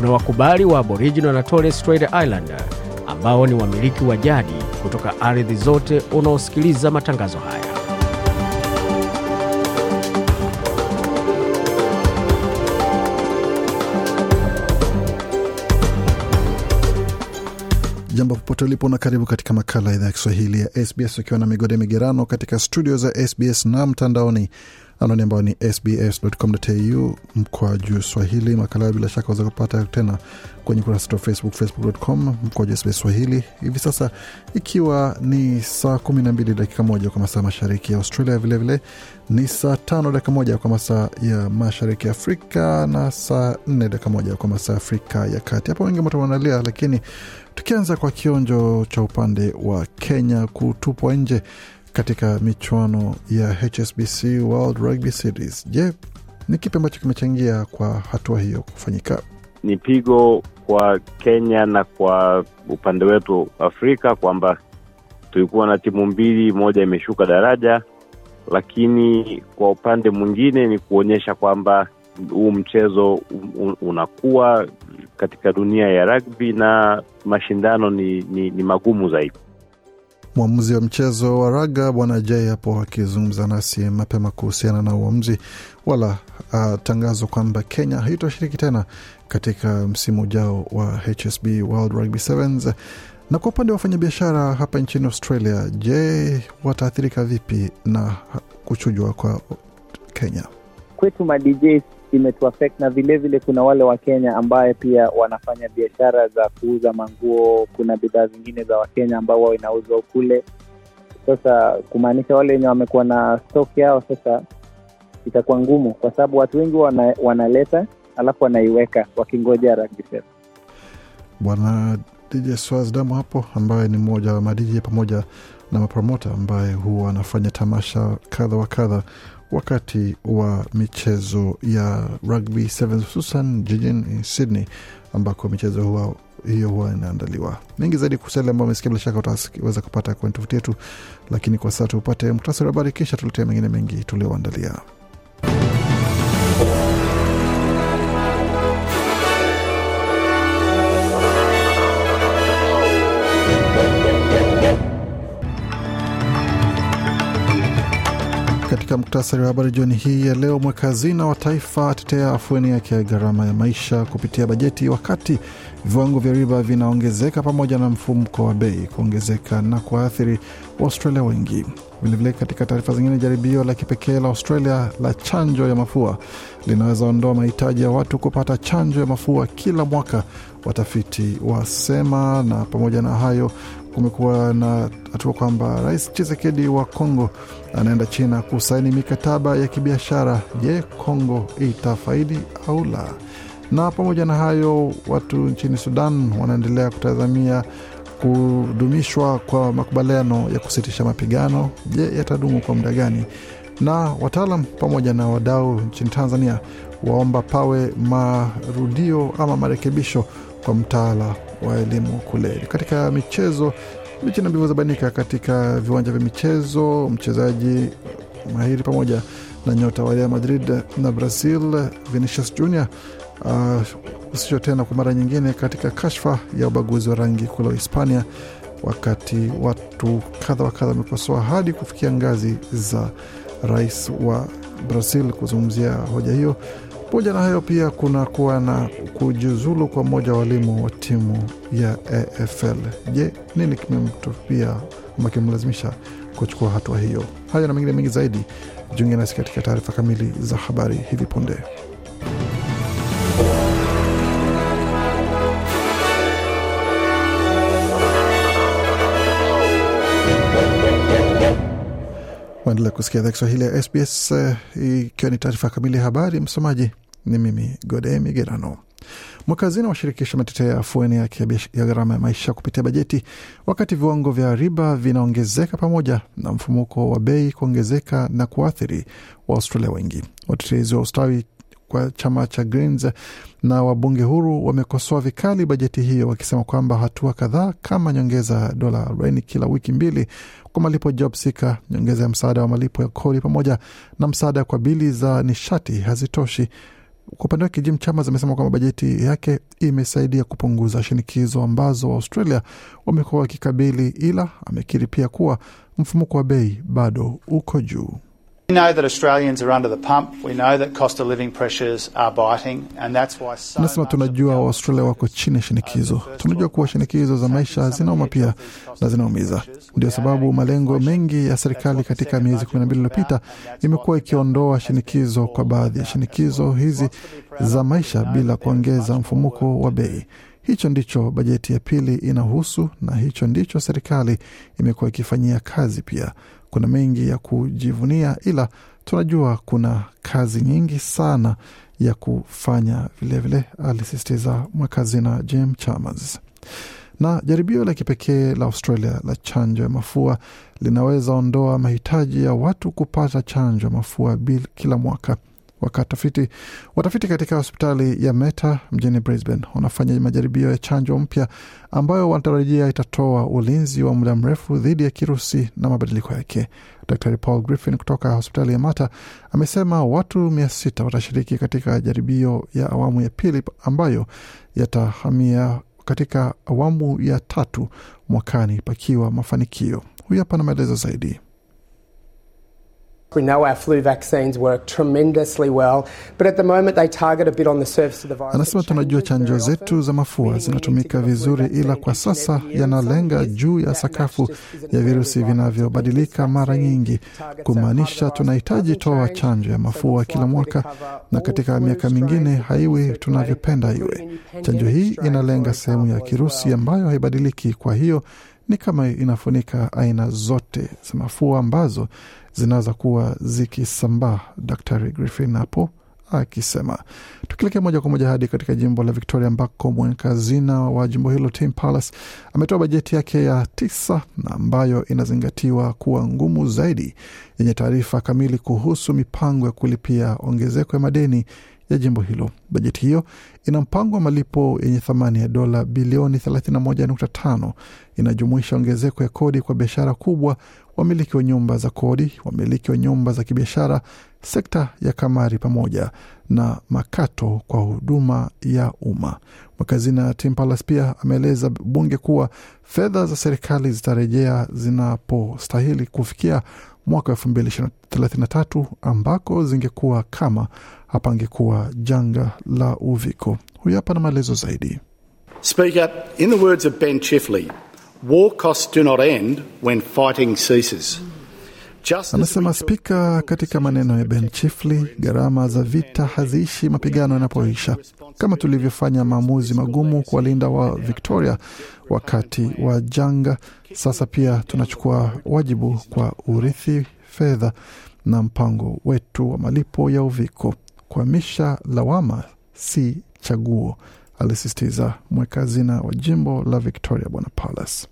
kuna wakubali wa Aboriginal na Torres Strait Islander ambao ni wamiliki wa jadi kutoka ardhi zote unaosikiliza matangazo haya. Jambo popote ulipo na karibu katika makala ya idhaa ya Kiswahili ya SBS ukiwa na migode migerano katika studio za SBS na mtandaoni anani ambayo ni mkwa juu swahili. Makala bila shaka waweza kupata tena kwenye kurasa wetu wa Facebook, facebook.com mkwaju SBS Swahili. Hivi sasa ikiwa ni saa mbili dakika moja kwa masaa mashariki ya Australia, vilevile vile, ni saa tano dakika moja kwa masaa ya mashariki ya Afrika na saa nne dakika moja kwa masaa Afrika ya kati. hapo wengi mtaandalia, lakini tukianza kwa kionjo cha upande wa Kenya kutupwa nje katika michuano ya HSBC World Rugby Series. Je, ni kipi ambacho kimechangia kwa hatua hiyo kufanyika? Ni pigo kwa Kenya na kwa upande wetu Afrika kwamba tulikuwa na timu mbili, moja imeshuka daraja, lakini kwa upande mwingine ni kuonyesha kwamba huu mchezo unakuwa katika dunia ya rugby na mashindano ni, ni, ni magumu zaidi mwamuzi wa mchezo wa raga Bwana j hapo akizungumza nasi mapema kuhusiana na uamuzi wala uh, tangazo kwamba Kenya haitoshiriki tena katika msimu ujao wa HSB World Rugby Sevens. Na kwa upande wa wafanyabiashara hapa nchini Australia, je, wataathirika vipi na kuchujwa kwa Kenya? Kwetu ma imetuaffect na vilevile vile kuna wale wakenya ambaye pia wanafanya biashara za kuuza manguo kuna bidhaa zingine za wakenya ambao wao inauzwa kule sasa kumaanisha wale wenye wamekuwa na stock yao sasa itakuwa ngumu kwa sababu watu wengi wana, wanaleta alafu wanaiweka wakingoja rugby bwana DJ Swaz hapo ambaye ni mmoja wa madiji pamoja na mapromota ambaye huwa anafanya tamasha kadha wa kadha wakati wa michezo ya rugby sevens, hususan jijini Sydney ambako michezo huwa hiyo huwa inaandaliwa. Mengi zaidi kusali ambao amesikia, bila shaka utaweza kupata kwenye tofuti yetu, lakini kwa sasa tupate muktasari wa habari, kisha tuletea mengine mengi tulioandalia. katika muktasari wa habari jioni hii ya leo. Mweka hazina wa taifa atetea afueni yake ya gharama ya maisha kupitia bajeti, wakati viwango vya riba vinaongezeka pamoja na mfumko wa bei kuongezeka na kuathiri Waustralia wengi. Vilevile, katika taarifa zingine, jaribio la kipekee la Australia la chanjo ya mafua linaweza ondoa mahitaji ya watu kupata chanjo ya mafua kila mwaka, watafiti wasema. Na pamoja na hayo kumekuwa na hatua kwamba Rais Chisekedi wa Kongo anaenda China kusaini mikataba ya kibiashara. Je, Kongo itafaidi au la? Na pamoja na hayo, watu nchini Sudan wanaendelea kutazamia kudumishwa kwa makubaliano ya kusitisha mapigano. Je, yatadumu kwa muda gani? Na wataalam pamoja na wadau nchini Tanzania waomba pawe marudio ama marekebisho kwa mtaala wa elimu kule. Katika michezo, mechi na mbivu katika viwanja vya michezo. Mchezaji mahiri pamoja na nyota wa Real Madrid na Brazil Vinicius Junior husishwa uh, tena kwa mara nyingine katika kashfa ya ubaguzi wa rangi kule Hispania, wakati watu kadha wa kadha wamekosoa hadi kufikia ngazi za rais wa Brazil kuzungumzia hoja hiyo pamoja na hayo, pia kuna kuwa na kujiuzulu kwa mmoja walimu wa timu ya AFL. Je, nini kimemtupia ama kimemlazimisha kuchukua hatua hiyo? Hayo na mengine mengi zaidi, jiunge nasi katika taarifa kamili za habari hivi punde. Endelea kusikia idhaa Kiswahili ya SBS eh, ikiwa ni taarifa kamili ya habari. Msomaji ni mimi Gode Migerano. Mwakazina wa washirikisha matetea ya afueni yake ya gharama ya maisha kupitia bajeti, wakati viwango vya riba vinaongezeka pamoja na mfumuko wa bei kuongezeka na kuathiri Waaustralia wengi. Watetezi wa ustawi kwa chama cha Greens na wabunge huru wamekosoa vikali bajeti hiyo, wakisema kwamba hatua kadhaa kama nyongeza dola arobaini kila wiki mbili kwa malipo job seeker, nyongeza ya msaada wa malipo ya kodi pamoja na msaada kwa bili za nishati hazitoshi kwa upande wake Jim Chalmers amesema kwamba bajeti yake imesaidia kupunguza shinikizo ambazo Waaustralia wamekuwa wakikabili, ila amekiri pia kuwa mfumuko wa bei bado uko juu. We know that Australians are under the pump. We know that cost of living pressures are biting and that's why so Nasema tunajua waustralia wako chini ya shinikizo. Uh, tunajua kuwa shinikizo za maisha zinauma pia na zinaumiza. Ndio sababu malengo mengi ya serikali katika miezi 12 iliyopita imekuwa ikiondoa shinikizo kwa baadhi ya shinikizo hizi za maisha bila kuongeza mfumuko wa bei. Hicho ndicho bajeti ya pili inahusu, na hicho ndicho serikali imekuwa ikifanyia kazi. Pia kuna mengi ya kujivunia, ila tunajua kuna kazi nyingi sana ya kufanya vilevile, alisisitiza mwakazina Jim Chalmers. Na jaribio la kipekee la Australia la chanjo ya mafua linaweza ondoa mahitaji ya watu kupata chanjo ya mafua bil kila mwaka Wakatafiti watafiti katika hospitali ya Meta mjini Brisbane wanafanya majaribio ya chanjo mpya ambayo wanatarajia itatoa ulinzi wa muda mrefu dhidi ya kirusi na mabadiliko yake. Dr Paul Griffin kutoka hospitali ya Mata amesema watu mia sita watashiriki katika jaribio ya awamu ya pili ambayo yatahamia katika awamu ya tatu mwakani pakiwa mafanikio. Huyu hapa na maelezo zaidi. We know our flu vaccines work tremendously well, but at the moment they target a bit on the surface of the virus. Anasema tunajua chanjo zetu za mafua zinatumika vizuri, ila kwa sasa yanalenga juu ya sakafu ya virusi vinavyobadilika mara nyingi, kumaanisha tunahitaji toa chanjo ya mafua kila mwaka, na katika miaka mingine haiwi tunavyopenda iwe. Chanjo hii inalenga sehemu ya kirusi ambayo haibadiliki, kwa hiyo ni kama inafunika aina zote za mafua ambazo zinaweza kuwa zikisambaa, Daktari Griffin hapo akisema. Tukielekea moja kwa moja hadi katika jimbo la Victoria ambako mwenkazina wa jimbo hilo Tim Palace ametoa bajeti yake ya tisa na ambayo inazingatiwa kuwa ngumu zaidi, yenye taarifa kamili kuhusu mipango ya kulipia ongezeko ya madeni ya jimbo hilo. Bajeti hiyo ina mpango wa malipo yenye thamani ya dola bilioni 31.5. Inajumuisha ongezeko ya kodi kwa biashara kubwa, wamiliki wa nyumba za kodi, wamiliki wa nyumba za kibiashara, sekta ya kamari, pamoja na makato kwa huduma ya umma. Mwakazina Tim pia ameeleza bunge kuwa fedha za serikali zitarejea zinapostahili kufikia mwaka 2033 ambako zingekuwa kama hapangekuwa janga la Uviko. Huyu hapa na maelezo zaidi. Speaker, in the words of Ben Chifley, war costs do not end when fighting ceases. Anasema spika katika maneno ya Ben Chifley, gharama za vita haziishi mapigano yanapoisha, kama tulivyofanya maamuzi magumu kuwalinda wa Victoria wakati wa janga. Sasa pia tunachukua wajibu kwa urithi, fedha na mpango wetu wa malipo ya uviko. Kuhamisha lawama si chaguo, alisistiza mwekazina wa jimbo la Victoria Bwana Palas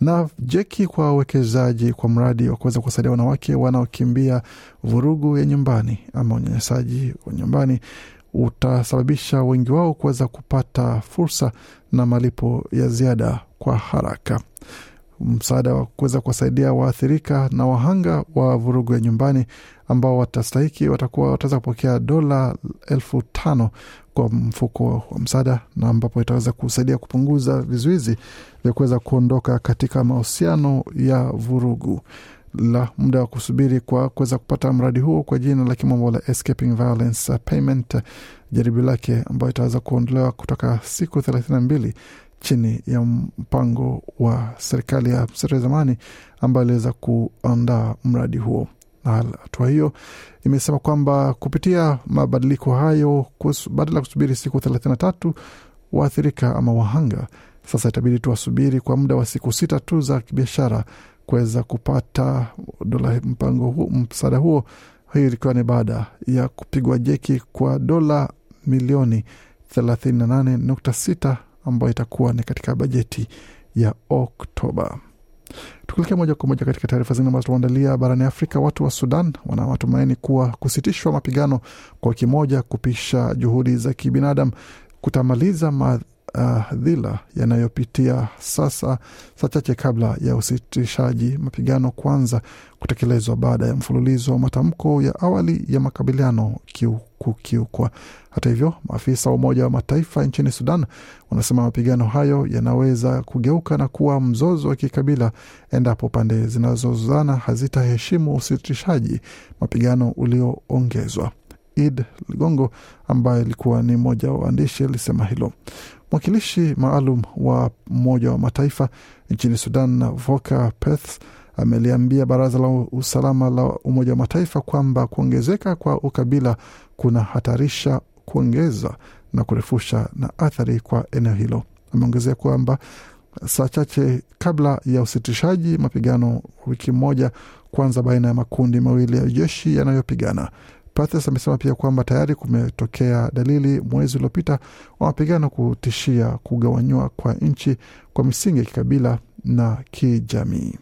na jeki kwa wawekezaji kwa mradi wa kuweza kuwasaidia wanawake wanaokimbia vurugu ya nyumbani ama unyanyasaji wa nyumbani utasababisha wengi wao kuweza kupata fursa na malipo ya ziada kwa haraka msaada wa kuweza kuwasaidia waathirika na wahanga wa vurugu ya nyumbani ambao watastahiki watakuwa wataweza kupokea dola elfu tano kwa mfuko wa msaada, na ambapo itaweza kusaidia kupunguza vizuizi vya kuweza kuondoka katika mahusiano ya vurugu. La muda wa kusubiri kwa kuweza kupata mradi huo kwa jina la kimombo la Escaping Violence Payment, jaribio lake ambayo itaweza kuondolewa kutoka siku thelathini na mbili chini ya mpango wa serikali ya Mseto zamani ambayo iliweza kuandaa mradi huo. Hatua hiyo imesema kwamba kupitia mabadiliko hayo, badala ya kusubiri siku tatu waathirika ama wahanga sasa itabidi tuwasubiri kwa muda wa siku sita tu za kibiashara kuweza kupata dola mpango huo msaada huo, hiyo ilikiwa ni baada ya kupigwa jeki kwa dola milioni 38.6 ambayo itakuwa ni katika bajeti ya Oktoba. Tukilekea moja kwa moja katika taarifa zingine ambazo tumeandalia barani Afrika, watu wa Sudan wana matumaini kuwa kusitishwa mapigano kwa wiki moja kupisha juhudi za kibinadamu kutamaliza uh, dhila yanayopitia sasa, saa chache kabla ya usitishaji mapigano kwanza kutekelezwa baada ya mfululizo wa matamko ya awali ya makabiliano kukiukwa. Hata hivyo, maafisa wa Umoja wa Mataifa nchini Sudan wanasema mapigano hayo yanaweza kugeuka na kuwa mzozo wa kikabila endapo pande zinazozana hazitaheshimu usitishaji mapigano ulioongezwa. Id Ligongo ambaye alikuwa ni mmoja wa waandishi alisema hilo. Mwakilishi maalum wa Umoja wa Mataifa nchini Sudan, Voka Peth, ameliambia Baraza la Usalama la Umoja wa Mataifa kwamba kuongezeka kwa ukabila kunahatarisha kuongeza na kurefusha na athari kwa eneo hilo. Ameongezea kwamba saa chache kabla ya usitishaji mapigano wiki moja kwanza baina ya makundi mawili ya jeshi yanayopigana, Pates amesema pia kwamba tayari kumetokea dalili mwezi uliopita wa mapigano kutishia kugawanywa kwa nchi kwa misingi ya kikabila na kijamii.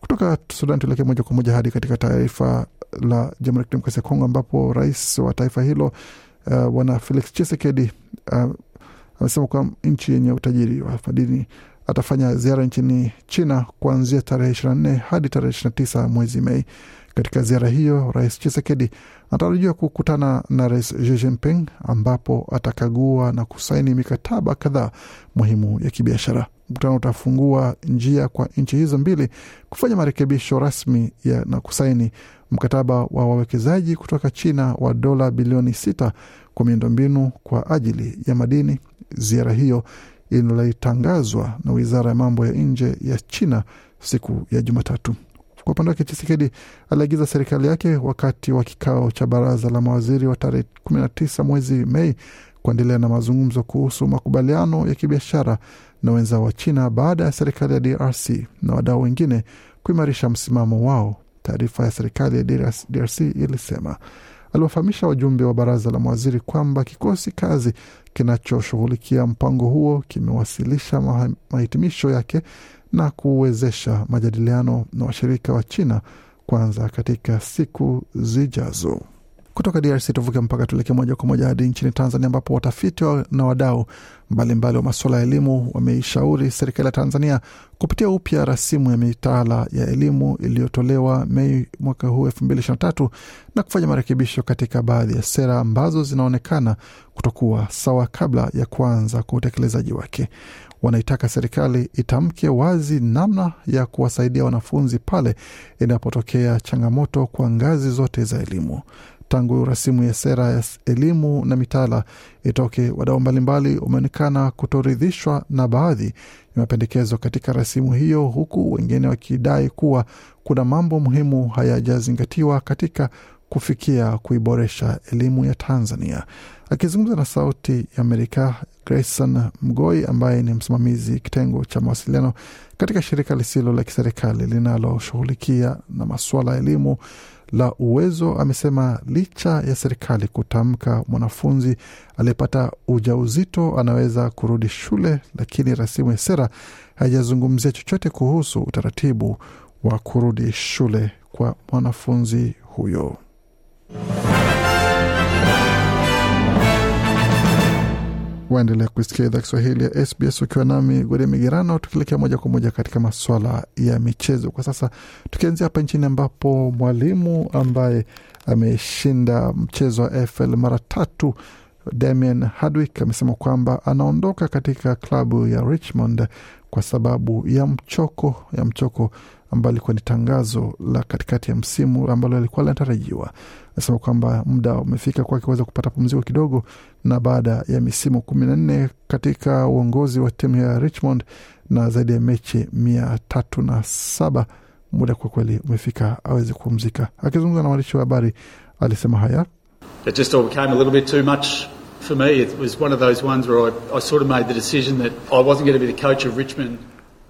Kutoka Sudan tuelekee moja kwa moja hadi katika taifa la Jamhuri ya Kidemokrasia ya Kongo ambapo rais wa taifa hilo uh, Bwana Felix Tshisekedi uh, amesema kuwa nchi yenye utajiri wa madini atafanya ziara nchini China kuanzia tarehe 24 hadi tarehe tisa mwezi Mei katika ziara hiyo, Rais Chisekedi anatarajiwa kukutana na Rais Xi Jinping ambapo atakagua na kusaini mikataba kadhaa muhimu ya kibiashara. Mkutano utafungua njia kwa nchi hizo mbili kufanya marekebisho rasmi ya na kusaini mkataba wa wawekezaji kutoka China wa dola bilioni sita kwa miundombinu kwa ajili ya madini. Ziara hiyo inalitangazwa na wizara ya mambo ya nje ya China siku ya Jumatatu. Kwa upande wake Chisekedi aliagiza serikali yake wakati wa kikao cha baraza la mawaziri wa tarehe 19 mwezi Mei kuendelea na mazungumzo kuhusu makubaliano ya kibiashara na wenzao wa China baada ya serikali ya DRC na wadau wengine kuimarisha msimamo wao. Taarifa ya serikali ya DRC ilisema aliwafahamisha wajumbe wa baraza la mawaziri kwamba kikosi kazi kinachoshughulikia mpango huo kimewasilisha mahitimisho yake na kuwezesha majadiliano na washirika wa China kwanza katika siku zijazo. Kutoka DRC tuvuke mpaka tuelekee moja kwa moja hadi nchini Tanzania, ambapo watafiti na wadau mbalimbali wa masuala ya elimu wameishauri serikali ya Tanzania kupitia upya rasimu ya mitaala ya elimu iliyotolewa Mei mwaka huu tatu na kufanya marekebisho katika baadhi ya sera ambazo zinaonekana kutokuwa sawa kabla ya kuanza kwa utekelezaji wake wanaitaka serikali itamke wazi namna ya kuwasaidia wanafunzi pale inapotokea changamoto kwa ngazi zote za elimu. Tangu rasimu ya sera ya elimu na mitaala itoke, wadau mbalimbali wameonekana kutoridhishwa na baadhi ya mapendekezo katika rasimu hiyo, huku wengine wakidai kuwa kuna mambo muhimu hayajazingatiwa katika kufikia kuiboresha elimu ya Tanzania. Akizungumza na Sauti ya Amerika, Grayson Mgoi ambaye ni msimamizi kitengo cha mawasiliano katika shirika lisilo la kiserikali linaloshughulikia na masuala ya elimu la Uwezo amesema licha ya serikali kutamka mwanafunzi aliyepata ujauzito anaweza kurudi shule, lakini rasimu ya sera haijazungumzia chochote kuhusu utaratibu wa kurudi shule kwa mwanafunzi huyo. Waendelea kuisikia idhaa Kiswahili ya SBS ukiwa nami Gode Migerano, tukielekea moja kwa moja katika maswala ya michezo kwa sasa, tukianzia hapa nchini ambapo mwalimu ambaye ameshinda mchezo wa AFL mara tatu Damian Hardwick amesema kwamba anaondoka katika klabu ya Richmond kwa sababu ya mchoko ya mchoko ambalo ilikuwa ni tangazo la katikati ya msimu ambalo alikuwa linatarajiwa. Anasema kwamba muda umefika kwake kuweza kupata pumziko kidogo, na baada ya misimu kumi na nne katika uongozi wa timu ya Richmond na zaidi ya mechi mia tatu na saba muda kwa kweli umefika aweze kupumzika. Akizungumza na waandishi wa habari, alisema haya for me it was one of those ones where I, I sort of made the decision that I wasn't going to be the coach of Richmond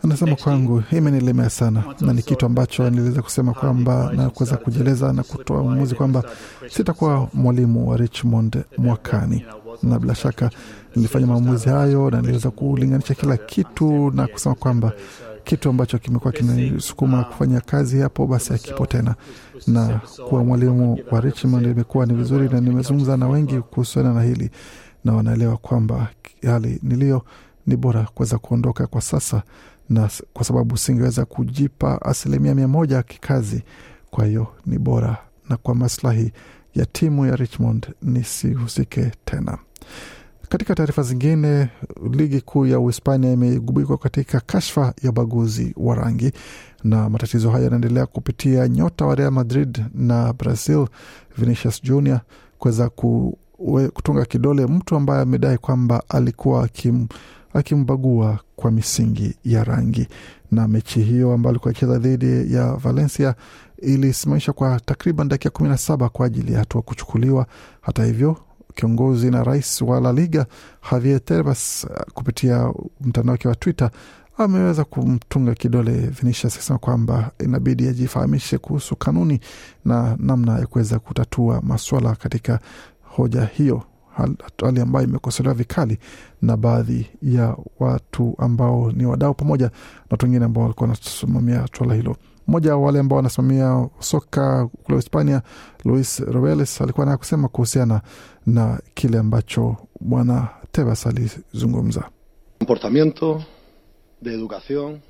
Anasema kwangu imenilemea sana, na ni kitu ambacho niliweza kusema kwamba na kuweza kujieleza na kutoa uamuzi kwamba sitakuwa mwalimu wa Richmond mwakani, na bila shaka nilifanya maamuzi hayo na niliweza kulinganisha kila kitu na kusema kwamba uh, kitu ambacho kimekuwa kinasukuma um, kufanya kazi hapo basi akipo tena, na kuwa mwalimu wa Richmond imekuwa ni vizuri, na nimezungumza na wengi kuhusiana na hili na wanaelewa kwamba hali niliyo ni bora kuweza kuondoka kwa sasa na kwa sababu singeweza kujipa asilimia mia moja kikazi. Kwa hiyo ni bora na kwa maslahi ya timu ya Richmond nisihusike tena. Katika taarifa zingine, ligi kuu ya Uhispania imegubikwa katika kashfa ya ubaguzi wa rangi, na matatizo hayo yanaendelea kupitia nyota wa Real Madrid na Brazil Vinicius Junior kuweza kutunga kidole mtu ambaye amedai kwamba alikuwa akim akimbagua kwa misingi ya rangi. Na mechi hiyo ambayo alikuwa akicheza dhidi ya Valencia ilisimamishwa kwa takriban dakika kumi na saba kwa ajili ya hatua kuchukuliwa. Hata hivyo kiongozi na rais wa La Liga Javier Tebas kupitia mtandao wake wa Twitter ameweza kumtunga kidole Vinicius akisema kwamba inabidi ajifahamishe kuhusu kanuni na namna ya kuweza kutatua maswala katika hoja hiyo hali ambayo imekosolewa vikali na baadhi ya watu ambao ni wadau pamoja na watu wengine ambao walikuwa wanasimamia swala hilo. Mmoja wa wale ambao wanasimamia soka kule Hispania, Luis Rubiales, alikuwa naye kusema kuhusiana na kile ambacho bwana Tebas alizungumza comportamiento de educación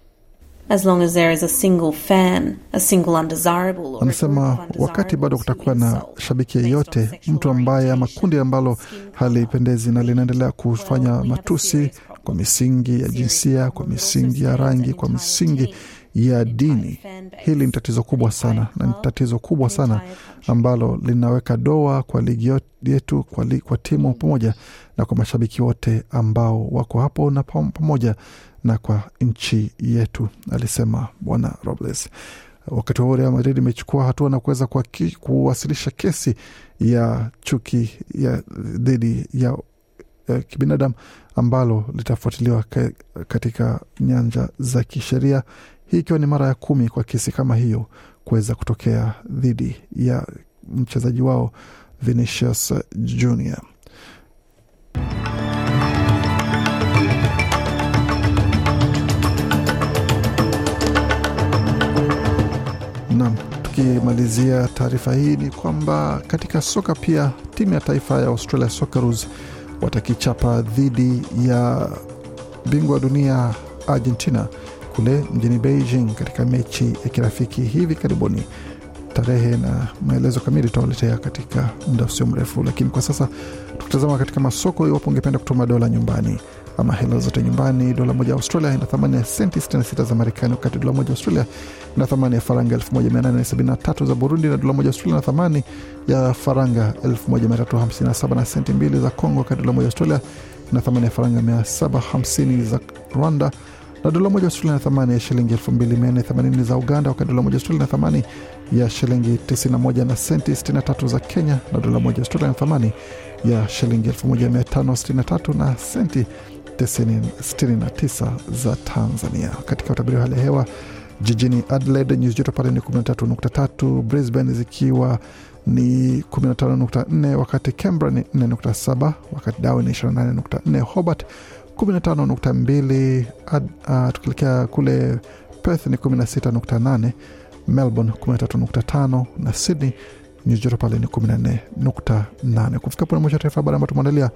as long as there is a single fan, a single undesirable or anasema wakati bado kutakuwa na shabiki yeyote, mtu ambaye ama kundi ambalo halipendezi na linaendelea kufanya matusi kwa misingi ya jinsia, kwa misingi ya rangi, kwa misingi ya dini. Hili ni tatizo kubwa sana na ni tatizo kubwa sana ambalo linaweka doa kwa ligi yetu, kwa, li, kwa timu hmm. pamoja na kwa mashabiki wote ambao wako hapo na pamoja na kwa nchi yetu, alisema Bwana Robles. Wakati huo Real Madrid imechukua hatua na kuweza kuwasilisha kesi ya chuki ya dhidi ya ya eh, kibinadamu ambalo litafuatiliwa katika nyanja za kisheria, hii ikiwa ni mara ya kumi kwa kesi kama hiyo kuweza kutokea dhidi ya mchezaji wao Vinicius Junior. Tukimalizia taarifa hii ni kwamba katika soka pia timu ya taifa ya Australia Socceroos watakichapa dhidi ya bingwa dunia Argentina kule mjini Beijing katika mechi ya kirafiki hivi karibuni. Tarehe na maelezo kamili tutawaletea katika muda usio mrefu, lakini kwa sasa tukitazama katika masoko, iwapo ungependa kutuma dola nyumbani ama hela zote nyumbani. Dola moja Australia ina thamani ya senti 66 za Marekani, wakati dola moja Australia ina thamani ya faranga 1873 za Burundi, na dola moja Australia ina thamani ya faranga 1357 na senti mbili za Congo, wakati dola moja Australia ina thamani ya faranga 750 za Rwanda na dola moja Australia ina thamani ya shilingi 2480 za Uganda, wakati dola moja Australia ina thamani ya shilingi 91 na senti 63 za Kenya, na dola moja Australia ina thamani ya shilingi 1563 na senti 69 za Tanzania. Katika utabiri wa hali ya hewa jijini Adelaide nyuzi joto pale ni 13.3, Brisbane zikiwa ni 15.4, wakati Canberra ni 4.7, wakati Darwin ni 28.4, Hobart 15.2, uh, tukielekea kule Perth ni 16.8, Melbourne 13.5 na Sydney nyuzi joto pale ni 14.8. Kufika hapo mwisho wa taarifa habari ambayo tumeandalia.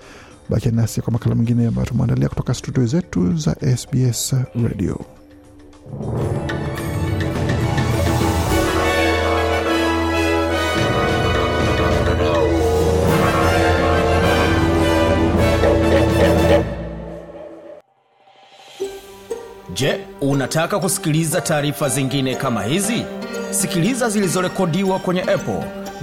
Bakia nasi kwa makala mengine ambayo tumeandalia kutoka studio zetu za SBS Radio. Je, unataka kusikiliza taarifa zingine kama hizi? Sikiliza zilizorekodiwa kwenye Apple